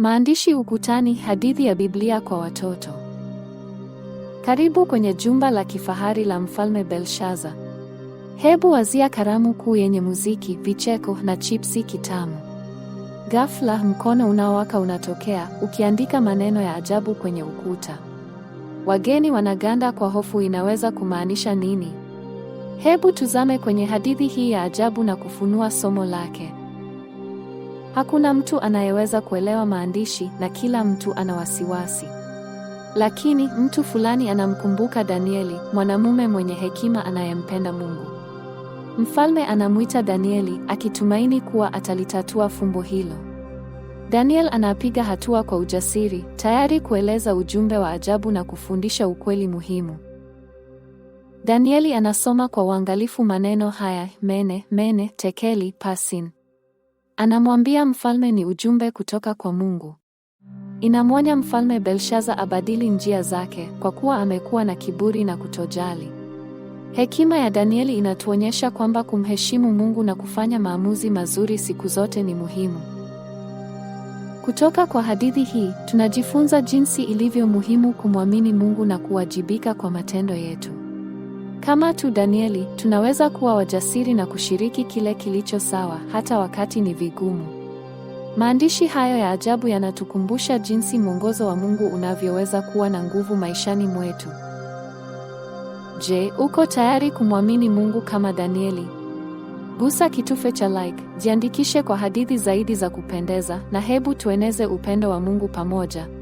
Maandishi ukutani, hadithi ya Biblia kwa watoto. Karibu kwenye jumba la kifahari la Mfalme Belshaza. Hebu wazia karamu kuu yenye muziki, vicheko na chipsi kitamu. Ghafla mkono unaowaka unatokea ukiandika maneno ya ajabu kwenye ukuta. Wageni wanaganda kwa hofu, inaweza kumaanisha nini? Hebu tuzame kwenye hadithi hii ya ajabu na kufunua somo lake. Hakuna mtu anayeweza kuelewa maandishi na kila mtu ana wasiwasi. Lakini mtu fulani anamkumbuka Danieli, mwanamume mwenye hekima anayempenda Mungu. Mfalme anamwita Danieli akitumaini kuwa atalitatua fumbo hilo. Daniel anapiga hatua kwa ujasiri, tayari kueleza ujumbe wa ajabu na kufundisha ukweli muhimu. Danieli anasoma kwa uangalifu maneno haya mene mene tekeli pasin Anamwambia mfalme ni ujumbe kutoka kwa Mungu. Inamwonya mfalme Belshaza abadili njia zake kwa kuwa amekuwa na kiburi na kutojali. Hekima ya Danieli inatuonyesha kwamba kumheshimu Mungu na kufanya maamuzi mazuri siku zote ni muhimu. Kutoka kwa hadithi hii, tunajifunza jinsi ilivyo muhimu kumwamini Mungu na kuwajibika kwa matendo yetu. Kama tu Danieli, tunaweza kuwa wajasiri na kushiriki kile kilicho sawa hata wakati ni vigumu. Maandishi hayo ya ajabu yanatukumbusha jinsi mwongozo wa Mungu unavyoweza kuwa na nguvu maishani mwetu. Je, uko tayari kumwamini Mungu kama Danieli? Gusa kitufe cha like, jiandikishe kwa hadithi zaidi za kupendeza na hebu tueneze upendo wa Mungu pamoja.